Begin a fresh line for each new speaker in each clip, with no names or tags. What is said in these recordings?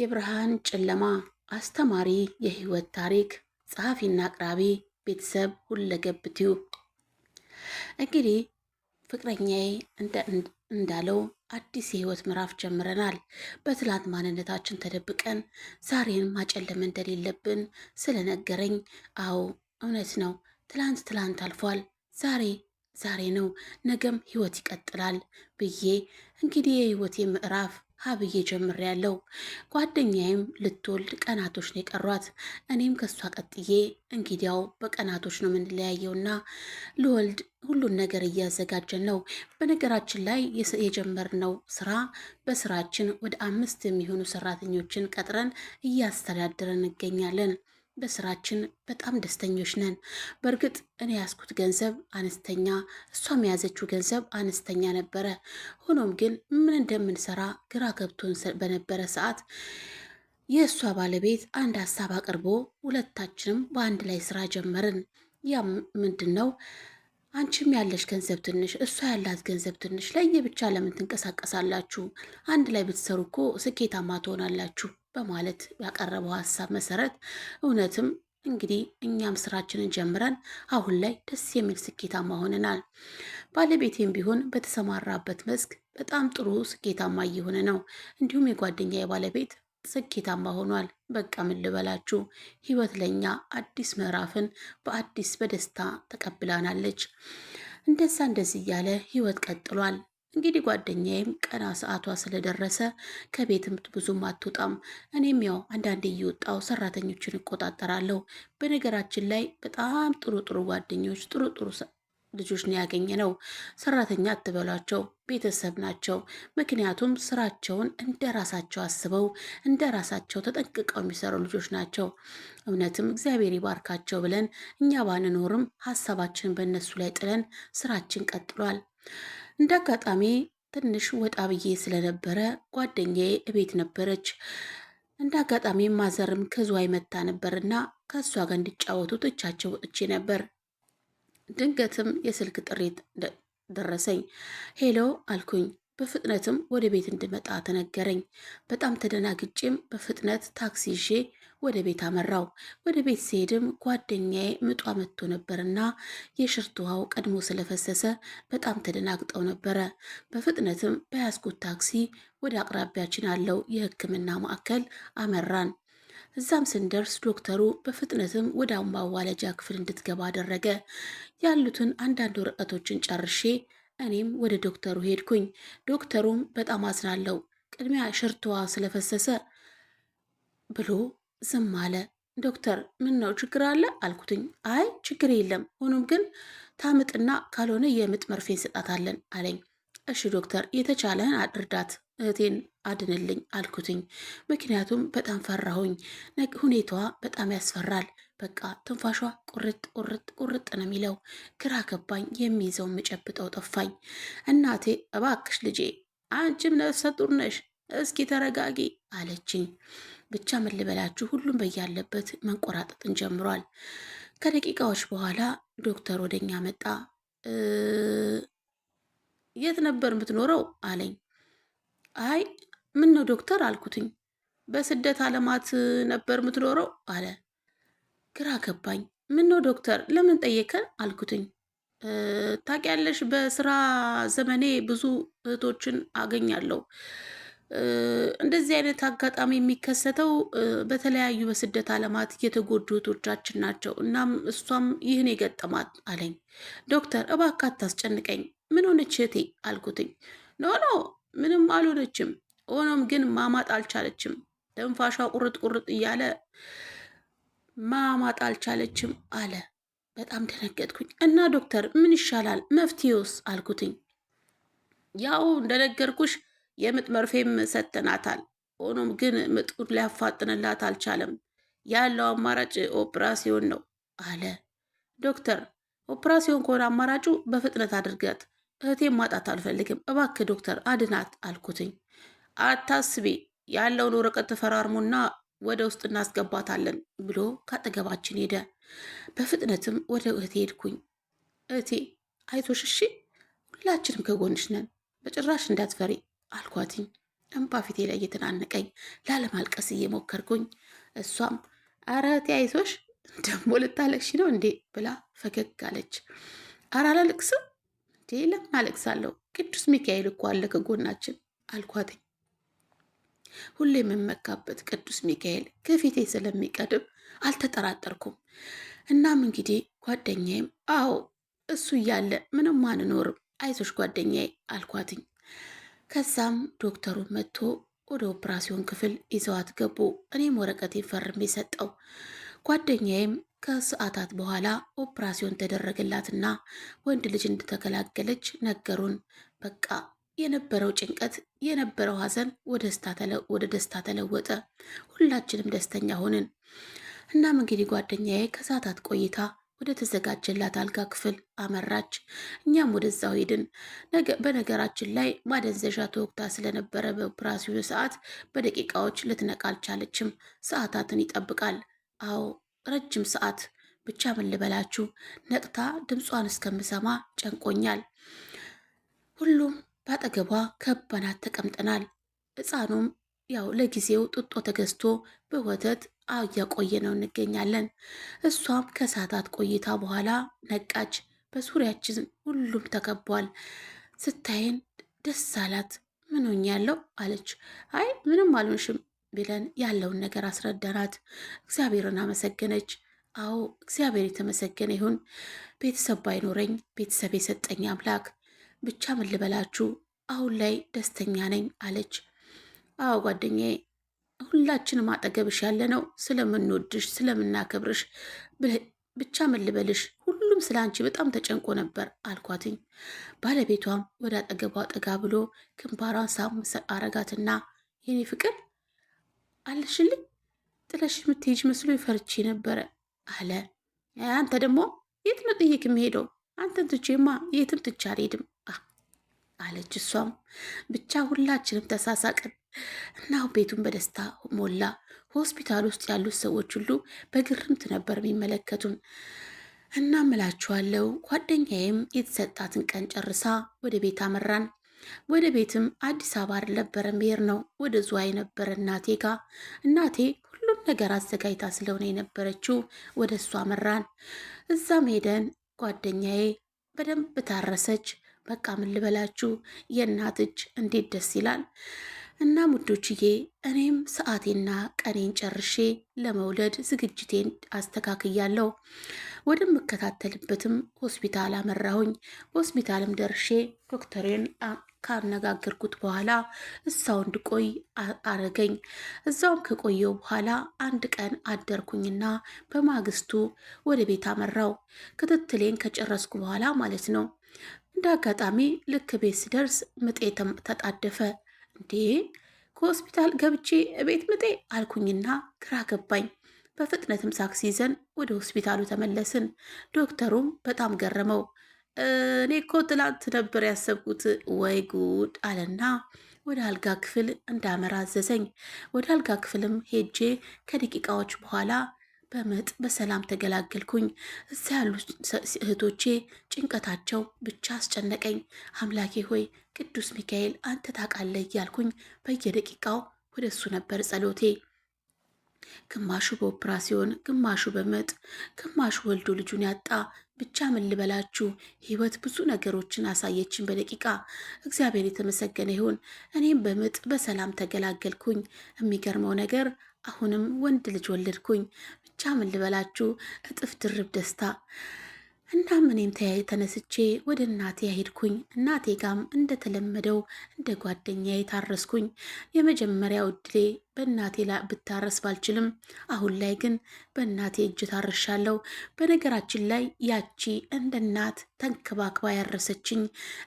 የብርሃን ጨለማ አስተማሪ የህይወት ታሪክ ጸሐፊና አቅራቢ ቤተሰብ ሁለገብ ቲዩብ። እንግዲህ ፍቅረኛዬ እንዳለው አዲስ የህይወት ምዕራፍ ጀምረናል። በትላንት ማንነታችን ተደብቀን ዛሬን ማጨለም እንደሌለብን ስለነገረኝ፣ አዎ እውነት ነው። ትላንት ትላንት አልፏል። ዛሬ ዛሬ ነው፣ ነገም ህይወት ይቀጥላል ብዬ እንግዲህ የህይወቴ ምዕራፍ ሀብዬ ጀምር ያለው ጓደኛዬም ልትወልድ ቀናቶች ነው የቀሯት። እኔም ከእሷ ቀጥዬ እንግዲያው በቀናቶች ነው የምንለያየውና ልወልድ ሁሉን ነገር እያዘጋጀን ነው። በነገራችን ላይ የጀመርነው ስራ በስራችን ወደ አምስት የሚሆኑ ሰራተኞችን ቀጥረን እያስተዳደረን እንገኛለን። በስራችን በጣም ደስተኞች ነን። በእርግጥ እኔ ያስኩት ገንዘብ አነስተኛ፣ እሷም የያዘችው ገንዘብ አነስተኛ ነበረ። ሆኖም ግን ምን እንደምንሰራ ግራ ገብቶን በነበረ ሰዓት የእሷ ባለቤት አንድ ሀሳብ አቅርቦ ሁለታችንም በአንድ ላይ ስራ ጀመርን። ያም ምንድን ነው? አንቺም ያለሽ ገንዘብ ትንሽ፣ እሷ ያላት ገንዘብ ትንሽ፣ ለየብቻ ለምን ትንቀሳቀሳላችሁ? አንድ ላይ ብትሰሩ እኮ ስኬታማ ትሆናላችሁ በማለት ያቀረበው ሀሳብ መሰረት እውነትም እንግዲህ እኛም ስራችንን ጀምረን አሁን ላይ ደስ የሚል ስኬታማ ሆነናል። ባለቤቴም ቢሆን በተሰማራበት መስክ በጣም ጥሩ ስኬታማ እየሆነ ነው። እንዲሁም የጓደኛ የባለቤት ስኬታማ ሆኗል። በቃ ምን ልበላችሁ፣ ህይወት ለእኛ አዲስ ምዕራፍን በአዲስ በደስታ ተቀብላናለች። እንደዛ እንደዚህ እያለ ህይወት ቀጥሏል። እንግዲህ ጓደኛዬም ቀና ሰዓቷ ስለደረሰ ከቤትም ብዙም አትወጣም። እኔም ያው አንዳንዴ እየወጣው ሰራተኞችን እቆጣጠራለሁ። በነገራችን ላይ በጣም ጥሩ ጥሩ ጓደኞች፣ ጥሩ ጥሩ ልጆች ነው ያገኘ ነው። ሰራተኛ አትበሏቸው፣ ቤተሰብ ናቸው። ምክንያቱም ስራቸውን እንደ ራሳቸው አስበው እንደ ራሳቸው ተጠንቅቀው የሚሰሩ ልጆች ናቸው። እውነትም እግዚአብሔር ይባርካቸው ብለን እኛ ባንኖርም ሀሳባችን በእነሱ ላይ ጥለን ስራችን ቀጥሏል። እንደ አጋጣሚ ትንሽ ወጣ ብዬ ስለነበረ ጓደኛዬ እቤት ነበረች። እንደ አጋጣሚ ማዘርም ከዝዋይ መታ ነበርና ከእሷ ጋር እንዲጫወቱ ትቻቸው እቼ ነበር። ድንገትም የስልክ ጥሪ ደረሰኝ። ሄሎ አልኩኝ። በፍጥነትም ወደ ቤት እንድመጣ ተነገረኝ። በጣም ተደናግጬም በፍጥነት ታክሲ ይዤ ወደ ቤት አመራው። ወደ ቤት ሲሄድም ጓደኛዬ ምጧ መጥቶ ነበርና የሽርት ውሃው ቀድሞ ስለፈሰሰ በጣም ተደናግጠው ነበረ። በፍጥነትም በያዝኩት ታክሲ ወደ አቅራቢያችን ያለው የሕክምና ማዕከል አመራን። እዛም ስንደርስ ዶክተሩ በፍጥነትም ወደ ማዋለጃ ክፍል እንድትገባ አደረገ። ያሉትን አንዳንድ ወረቀቶችን ጨርሼ እኔም ወደ ዶክተሩ ሄድኩኝ። ዶክተሩም በጣም አዝናለው ቅድሚያ ሽርትዋ ስለፈሰሰ ብሎ ዝም አለ። ዶክተር ምን ነው ችግር አለ አልኩትኝ። አይ ችግር የለም ሆኖም ግን ታምጥና ካልሆነ የምጥ መርፌ እንሰጣታለን አለኝ። እሺ ዶክተር የተቻለህን አድርዳት እህቴን አድንልኝ አልኩትኝ። ምክንያቱም በጣም ፈራሁኝ። ሁኔታዋ በጣም ያስፈራል። በቃ ትንፋሿ ቁርጥ ቁርጥ ቁርጥ ነው የሚለው። ግራ ገባኝ። የሚይዘው የምጨብጠው ጠፋኝ። እናቴ እባክሽ ልጄ አንቺም ነፍሰ ጡር ነሽ፣ እስኪ ተረጋጊ አለችኝ። ብቻ ምን ልበላችሁ ሁሉም በያለበት መንቆራጠጥን ጀምሯል። ከደቂቃዎች በኋላ ዶክተር ወደኛ መጣ። የት ነበር የምትኖረው አለኝ። አይ ምን ነው ዶክተር አልኩትኝ። በስደት አለማት ነበር የምትኖረው አለ። ግራ ገባኝ። ምን ነው ዶክተር ለምን ጠየከን አልኩትኝ። ታውቂያለሽ በስራ ዘመኔ ብዙ እህቶችን አገኛለሁ እንደዚህ አይነት አጋጣሚ የሚከሰተው በተለያዩ በስደት ዓለማት የተጎዱ እህቶቻችን ናቸው። እናም እሷም ይህን የገጠማት አለኝ። ዶክተር እባክህ አታስጨንቀኝ፣ ምን ሆነች እህቴ አልኩትኝ። ኖ ኖ ምንም አልሆነችም፣ ሆኖም ግን ማማጥ አልቻለችም። ትንፋሿ ቁርጥ ቁርጥ እያለ ማማጥ አልቻለችም አለ። በጣም ደነገጥኩኝ እና ዶክተር ምን ይሻላል መፍትሄውስ? አልኩትኝ። ያው እንደነገርኩሽ የምጥ መርፌም ሰጥተናታል። ሆኖም ግን ምጡን ሊያፋጥንላት አልቻለም። ያለው አማራጭ ኦፕራሲዮን ነው አለ ዶክተር። ኦፕራሲዮን ከሆነ አማራጩ በፍጥነት አድርጋት፣ እህቴ ማጣት አልፈልግም፣ እባክ ዶክተር አድናት አልኩትኝ። አታስቢ ያለውን ወረቀት ተፈራርሙና ወደ ውስጥ እናስገባታለን ብሎ ካጠገባችን ሄደ። በፍጥነትም ወደ እህቴ ሄድኩኝ። እህቴ አይቶሽ እሺ፣ ሁላችንም ከጎንሽ ነን፣ በጭራሽ እንዳትፈሪ አልኳትኝ። እንባ ፊቴ ላይ እየተናነቀኝ ላለማልቀስ እየሞከርኩኝ፣ እሷም አረ ተያይዞሽ ደግሞ ልታለቅሽ ነው እንዴ ብላ ፈገግ አለች። አረ አላለቅስም እንዴ ለምን አለቅሳለሁ? ቅዱስ ሚካኤል እኮ አለ ከጎናችን አልኳትኝ። ሁሌ የምመካበት ቅዱስ ሚካኤል ከፊቴ ስለሚቀድም አልተጠራጠርኩም። እናም እንግዲህ ጓደኛዬም አዎ እሱ እያለ ምንም አንኖርም አይዞሽ ጓደኛዬ አልኳትኝ። ከዛም ዶክተሩ መጥቶ ወደ ኦፕራሲዮን ክፍል ይዘዋት ገቡ። እኔም ወረቀት ፈርሜ የሰጠው ጓደኛዬም ከሰዓታት በኋላ ኦፕራሲዮን ተደረገላትና ወንድ ልጅ እንደተገላገለች ነገሩን። በቃ የነበረው ጭንቀት የነበረው ሐዘን ወደ ደስታ ተለወጠ። ሁላችንም ደስተኛ ሆንን። እናም እንግዲህ ጓደኛዬ ከሰዓታት ቆይታ ወደ ተዘጋጀላት አልጋ ክፍል አመራች። እኛም ወደዛው ሄድን። በነገራችን ላይ ማደንዘዣ ተወቅታ ስለነበረ በኦፕራሲዮኑ ሰዓት በደቂቃዎች ልትነቃ አልቻለችም። ሰዓታትን ይጠብቃል። አዎ ረጅም ሰዓት። ብቻ ምን ልበላችሁ ነቅታ ድምጿን እስከምሰማ ጨንቆኛል። ሁሉም በአጠገቧ ከበናት ተቀምጠናል። ሕፃኑም ያው ለጊዜው ጥጦ ተገዝቶ በወተት እያቆየ ነው እንገኛለን። እሷም ከሰዓታት ቆይታ በኋላ ነቃች። በዙሪያችን ሁሉም ተከቧል። ስታይን ደስ አላት። ምን ሆኛለሁ አለች። አይ ምንም አልሆንሽም ብለን ያለውን ነገር አስረዳናት። እግዚአብሔርን አመሰገነች። አዎ እግዚአብሔር የተመሰገነ ይሁን፣ ቤተሰብ ባይኖረኝ ቤተሰብ የሰጠኝ አምላክ። ብቻ ምን ልበላችሁ አሁን ላይ ደስተኛ ነኝ አለች። አዎ ጓደኛዬ፣ ሁላችንም አጠገብሽ ያለ ነው ስለምንወድሽ ስለምናከብርሽ ብቻ ምን ልበልሽ ሁሉም ስለ አንቺ በጣም ተጨንቆ ነበር አልኳትኝ። ባለቤቷም ወደ አጠገቧ ጠጋ ብሎ ግንባሯን ሳም አረጋትና የኔ ፍቅር አለሽልኝ ጥለሽ የምትሄጅ መስሎ ይፈርቼ ነበረ አለ። አንተ ደግሞ የት ነው ጥይቅ የምሄደው? አንተን ትቼማ የትም ትቼ አልሄድም አለች። እሷም ብቻ ሁላችንም ተሳሳቅን። እናሁ ቤቱን በደስታ ሞላ። ሆስፒታል ውስጥ ያሉት ሰዎች ሁሉ በግርምት ነበር የሚመለከቱን። እና ምላችኋለው ጓደኛዬም የተሰጣትን ቀን ጨርሳ ወደ ቤት አመራን። ወደ ቤትም አዲስ አበባ አልነበረ ምሄር ነው ወደ ዝዋይ ነበረ እናቴ ጋ እናቴ ሁሉም ነገር አዘጋጅታ ስለሆነ የነበረችው ወደ እሷ አመራን። እዛም ሄደን ጓደኛዬ በደንብ ታረሰች። በቃ ምን ልበላችሁ የእናት እጅ እንዴት ደስ ይላል። እና ሙዶችዬ እኔም ሰዓቴና ቀኔን ጨርሼ ለመውለድ ዝግጅቴን አስተካክያለሁ። ወደምከታተልበትም ሆስፒታል አመራሁኝ። ሆስፒታልም ደርሼ ዶክተሬን ካነጋገርኩት በኋላ እዛው እንድቆይ አረገኝ። እዛውም ከቆየው በኋላ አንድ ቀን አደርኩኝና በማግስቱ ወደ ቤት አመራው። ክትትሌን ከጨረስኩ በኋላ ማለት ነው። እንደ አጋጣሚ ልክ ቤት ስደርስ ምጤ ተጣደፈ። እንዴ ከሆስፒታል ገብቼ እቤት ምጤ አልኩኝና ግራ ገባኝ። በፍጥነትም ሳክሲ ይዘን ወደ ሆስፒታሉ ተመለስን። ዶክተሩም በጣም ገረመው። እኔ እኮ ትላንት ነበር ያሰብኩት፣ ወይ ጉድ አለና ወደ አልጋ ክፍል እንዳመራ አዘዘኝ። ወደ አልጋ ክፍልም ሄጄ ከደቂቃዎች በኋላ በምጥ በሰላም ተገላገልኩኝ። እዛ ያሉ እህቶቼ ጭንቀታቸው ብቻ አስጨነቀኝ። አምላኬ ሆይ ቅዱስ ሚካኤል አንተ ታውቃለህ እያልኩኝ በየደቂቃው ወደ እሱ ነበር ጸሎቴ። ግማሹ በኦፕራሲዮን ግማሹ በምጥ ግማሹ ወልዶ ልጁን ያጣ ብቻ ምን ልበላችሁ፣ ህይወት ብዙ ነገሮችን አሳየችን በደቂቃ። እግዚአብሔር የተመሰገነ ይሁን። እኔም በምጥ በሰላም ተገላገልኩኝ። የሚገርመው ነገር አሁንም ወንድ ልጅ ወለድኩኝ። ብቻ ምን ልበላችሁ እጥፍ ድርብ ደስታ። እናም እኔም ተያይ ተነስቼ ወደ እናቴ ያሄድኩኝ። እናቴ ጋም እንደተለመደው እንደ ጓደኛ የታረስኩኝ። የመጀመሪያው እድሌ በእናቴ ብታረስ ባልችልም አሁን ላይ ግን በእናቴ እጅ ታርሻለሁ። በነገራችን ላይ ያቺ እንደ እናት ተንከባክባ ያረሰችኝ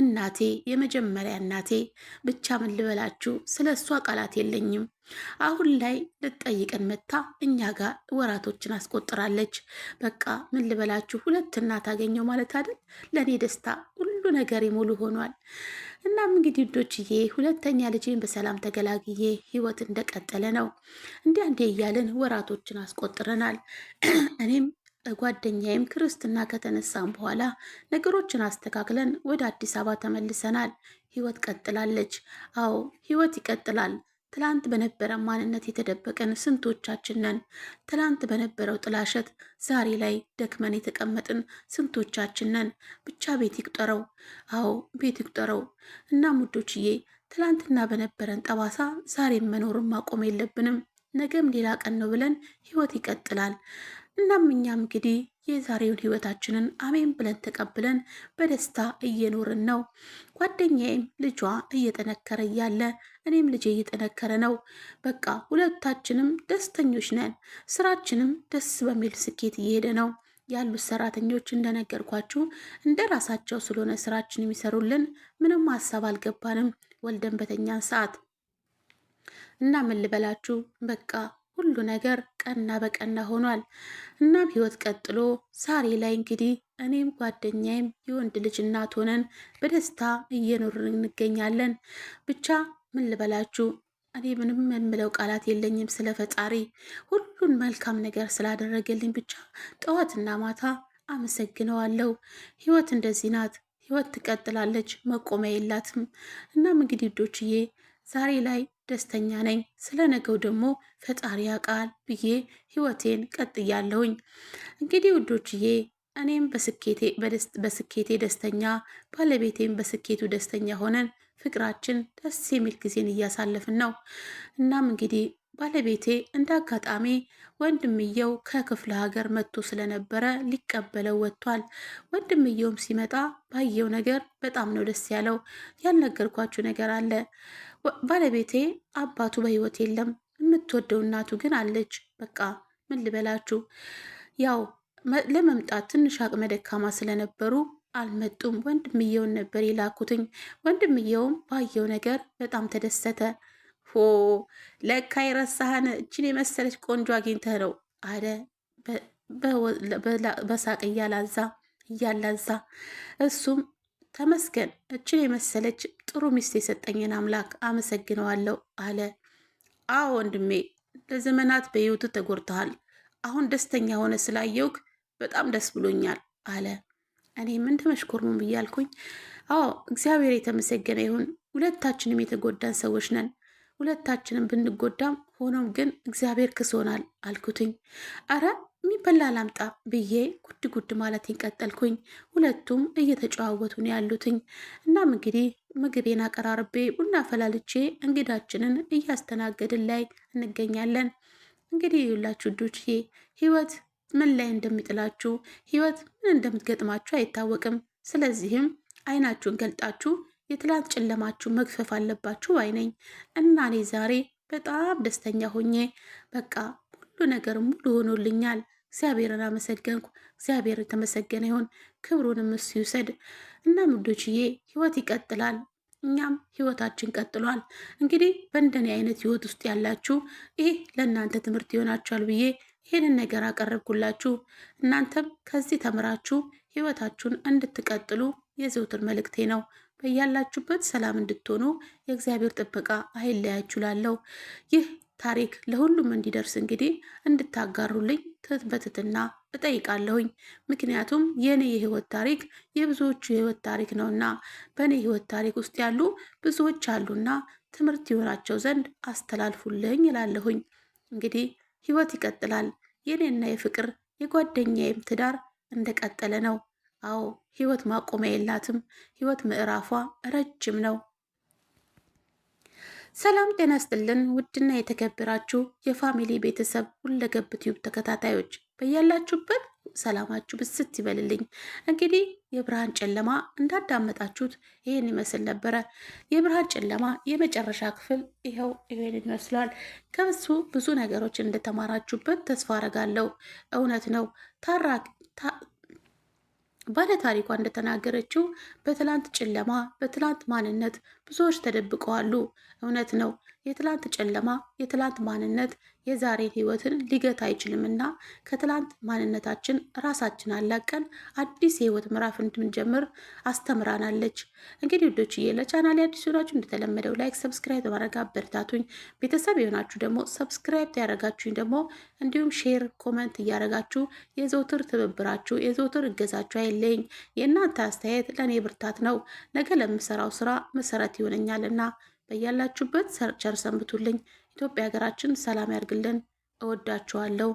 እናቴ የመጀመሪያ እናቴ ብቻ ምን ልበላችሁ፣ ስለ እሷ ቃላት የለኝም። አሁን ላይ ልትጠይቀን መታ እኛ ጋር ወራቶችን አስቆጥራለች። በቃ ምን ልበላችሁ፣ ሁለት እናት አገኘው ማለት አይደል ለእኔ ደስታ ሁሉ ነገር ሙሉ ሆኗል። እናም እንግዲህ ውዶችዬ ሁለተኛ ልጅን በሰላም ተገላግዬ ህይወት እንደቀጠለ ነው። እንዲህ አንዴ እያልን ወራቶችን አስቆጥረናል። እኔም ጓደኛዬም ክርስትና ከተነሳም በኋላ ነገሮችን አስተካክለን ወደ አዲስ አበባ ተመልሰናል። ህይወት ቀጥላለች። አዎ ህይወት ይቀጥላል። ትላንት በነበረ ማንነት የተደበቀን ስንቶቻችን ነን? ትላንት በነበረው ጥላሸት ዛሬ ላይ ደክመን የተቀመጥን ስንቶቻችን ነን? ብቻ ቤት ይቁጠረው። አዎ ቤት ይቁጠረው። እናም ውዶችዬ ትላንትና በነበረን ጠባሳ ዛሬም መኖርን ማቆም የለብንም። ነገም ሌላ ቀን ነው ብለን ህይወት ይቀጥላል። እናም እኛም እንግዲህ የዛሬውን ህይወታችንን አሜን ብለን ተቀብለን በደስታ እየኖርን ነው። ጓደኛዬም ልጇ እየጠነከረ እያለ እኔም ልጄ እየጠነከረ ነው። በቃ ሁለታችንም ደስተኞች ነን። ስራችንም ደስ በሚል ስኬት እየሄደ ነው። ያሉት ሰራተኞች እንደነገርኳችሁ እንደ ራሳቸው ስለሆነ ስራችን የሚሰሩልን ምንም ሀሳብ አልገባንም። ወልደን በተኛን ሰዓት እና ምን ልበላችሁ በቃ ሁሉ ነገር ቀና በቀና ሆኗል። እናም ህይወት ቀጥሎ ዛሬ ላይ እንግዲህ እኔም ጓደኛዬም የወንድ ልጅ እናት ሆነን በደስታ እየኖርን እንገኛለን። ብቻ ምን ልበላችሁ እኔ ምንም የምለው ቃላት የለኝም ስለ ፈጣሪ ሁሉን መልካም ነገር ስላደረገልኝ ብቻ ጠዋትና ማታ አመሰግነዋለሁ። ህይወት እንደዚህ ናት። ህይወት ትቀጥላለች፣ መቆሚያ የላትም። እናም እንግዲህ ዶችዬ ዛሬ ላይ ደስተኛ ነኝ። ስለ ነገው ደግሞ ፈጣሪ ያውቃል ብዬ ህይወቴን ቀጥያለሁኝ። እንግዲህ ውዶችዬ እኔም በስኬቴ ደስተኛ ባለቤቴም በስኬቱ ደስተኛ ሆነን ፍቅራችን ደስ የሚል ጊዜን እያሳለፍን ነው። እናም እንግዲህ ባለቤቴ እንደ አጋጣሚ ወንድምየው ከክፍለ ሀገር መጥቶ ስለነበረ ሊቀበለው ወጥቷል። ወንድምየውም ሲመጣ ባየው ነገር በጣም ነው ደስ ያለው። ያልነገርኳችሁ ነገር አለ ባለቤቴ አባቱ በህይወት የለም፣ የምትወደው እናቱ ግን አለች። በቃ ምን ልበላችሁ፣ ያው ለመምጣት ትንሽ አቅመ ደካማ ስለነበሩ አልመጡም። ወንድምየውን ነበር የላኩትኝ። ወንድምየውም ባየው ነገር በጣም ተደሰተ። ሆ ለካ የረሳህን እችን የመሰለች ቆንጆ አግኝተህ ነው አለ በሳቅ እያላዛ እያላዛ እሱም ተመስገን እችን የመሰለች ጥሩ ሚስት የሰጠኝን አምላክ አመሰግነዋለሁ አለ። አዎ ወንድሜ፣ ለዘመናት በህይወቱ ተጎድተሃል። አሁን ደስተኛ ሆነ ስላየውክ በጣም ደስ ብሎኛል አለ። እኔም እንደ መሽኮርሙም ብያልኩኝ፣ አዎ እግዚአብሔር የተመሰገነ ይሁን። ሁለታችንም የተጎዳን ሰዎች ነን። ሁለታችንም ብንጎዳም ሆኖም ግን እግዚአብሔር ክሶናል አልኩትኝ። አረ የሚበላ ላምጣ ብዬ ጉድ ጉድ ማለት ቀጠልኩኝ። ሁለቱም እየተጨዋወቱ ነው ያሉትኝ። እናም እንግዲህ ምግቤን አቀራርቤ ቡና ፈላልቼ እንግዳችንን እያስተናገድን ላይ እንገኛለን። እንግዲህ ሁላችሁ ዶችዬ ህይወት ምን ላይ እንደሚጥላችሁ ህይወት ምን እንደምትገጥማችሁ አይታወቅም። ስለዚህም አይናችሁን ገልጣችሁ የትላንት ጨለማችሁ መግፈፍ አለባችሁ ባይ ነኝ እና እኔ ዛሬ በጣም ደስተኛ ሆኜ በቃ ሁሉ ነገር ሙሉ ሆኖልኛል። እግዚአብሔርን አመሰገንኩ። እግዚአብሔር የተመሰገነ ይሁን፣ ክብሩንም እሱ ይውሰድ። እና ምዶችዬ ህይወት ይቀጥላል፣ እኛም ህይወታችን ቀጥሏል። እንግዲህ በእንደኔ አይነት ህይወት ውስጥ ያላችሁ ይህ ለእናንተ ትምህርት ይሆናችኋል ብዬ ይህንን ነገር አቀረብኩላችሁ። እናንተም ከዚህ ተምራችሁ ህይወታችሁን እንድትቀጥሉ የዘውትር መልእክቴ ነው። በያላችሁበት ሰላም እንድትሆኑ የእግዚአብሔር ጥበቃ አይለያችሁ ላለው ይህ ታሪክ ለሁሉም እንዲደርስ እንግዲህ እንድታጋሩልኝ በትትና እጠይቃለሁኝ። ምክንያቱም የእኔ የህይወት ታሪክ የብዙዎቹ የህይወት ታሪክ ነውና በእኔ ህይወት ታሪክ ውስጥ ያሉ ብዙዎች አሉና ትምህርት ይሆናቸው ዘንድ አስተላልፉልኝ ይላለሁኝ። እንግዲህ ህይወት ይቀጥላል። የእኔና የፍቅር የጓደኛዬም ትዳር እንደቀጠለ ነው። አዎ ህይወት ማቆሚያ የላትም። ህይወት ምዕራፏ ረጅም ነው። ሰላም ጤና ስጥልን ውድና የተከበራችሁ የፋሚሊ ቤተሰብ ሁለገብ ዩቲዩብ ተከታታዮች በያላችሁበት ሰላማችሁ ብስት ይበልልኝ። እንግዲህ የብርሃን ጨለማ እንዳዳመጣችሁት ይህን ይመስል ነበረ። የብርሃን ጨለማ የመጨረሻ ክፍል ይኸው ይሄን ይመስላል። ከብሱ ብዙ ነገሮች እንደተማራችሁበት ተስፋ አረጋለሁ። እውነት ነው ታራቅ ባለ ታሪኳ እንደተናገረችው በትላንት ጨለማ በትላንት ማንነት ብዙዎች ተደብቀዋሉ። እውነት ነው። የትላንት ጨለማ፣ የትላንት ማንነት፣ የዛሬን ህይወትን ሊገታ አይችልም እና ከትላንት ማንነታችን ራሳችን አላቀን አዲስ የህይወት ምዕራፍ እንድንጀምር አስተምራናለች። እንግዲህ ውዶችዬ ለቻናል አዲስ ሆናችሁ እንደተለመደው ላይክ፣ ሰብስክራይብ በማድረግ አበረታቱኝ። ቤተሰብ የሆናችሁ ደግሞ ሰብስክራይብ ያደረጋችሁኝ ደግሞ እንዲሁም ሼር፣ ኮመንት እያደረጋችሁ የዘውትር ትብብራችሁ የዘውትር እገዛችሁ አይለኝ። የእናንተ አስተያየት ለእኔ ብርታት ነው፣ ነገ ለምሰራው ስራ መሰረት ይሆነኛልና። በያላችሁበት ቸር ሰንብቱልኝ። ኢትዮጵያ ሀገራችን ሰላም ያርግልን። እወዳችኋለሁ።